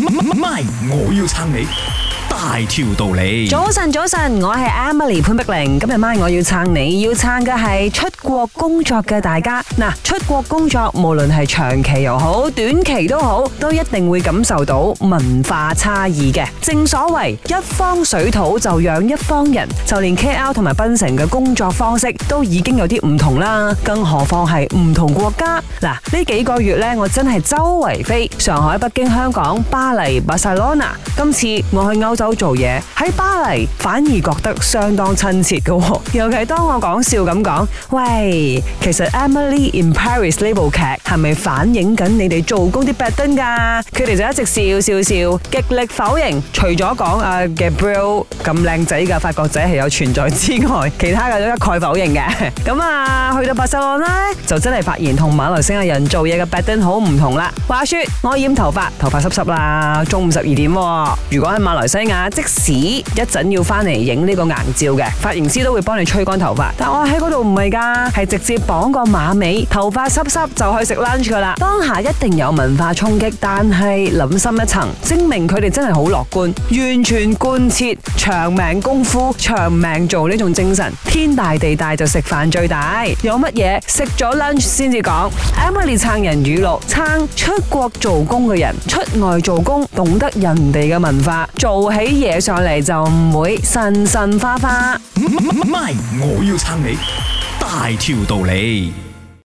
MY，我要撐你。大條道理。早晨，早晨，我係 Emily 潘碧玲。今日晚我要撐你，要撐嘅係出國工作嘅大家。嗱，出國工作無論係長期又好，短期都好，都一定會感受到文化差異嘅。正所謂一方水土就養一方人，就連 KL 同埋檳城嘅工作方式都已經有啲唔同啦。更何況係唔同國家。嗱，呢幾個月呢，我真係周圍飛，上海、北京、香港、巴黎、巴塞羅那。今次我去歐洲。做嘢喺巴黎反而覺得相當親切嘅，尤其當我講笑咁講，喂，其實 Emily in Paris 呢部劇係咪反映緊你哋做工啲巴丁噶？佢哋就一直笑笑笑，極力否認。除咗講阿 Gabriel 咁靚仔嘅法國仔係有存在之外，其他嘅都一概否認嘅。咁啊，去到百色灣咧，就真係發現同馬來西亞人做嘢嘅巴丁好唔同啦。話說我染頭髮，頭髮濕濕啦，中午十二點。如果喺馬來西亞。啊！即使一陣要翻嚟影呢個硬照嘅髮型師都會幫你吹乾頭髮，但我喺嗰度唔係㗎，係直接綁個馬尾，頭髮濕濕就去食 lunch 㗎啦。當下一定有文化衝擊，但係諗深一層，證明佢哋真係好樂觀，完全貫徹長命功夫、長命做呢種精神。天大地大就食飯最大，有乜嘢，食咗 lunch 先至講。Emily 撐人語錄，撐出國做工嘅人出外做工，懂得人哋嘅文化，做起啲嘢上嚟就唔會神神花花，唔係我要撐你，大條道理。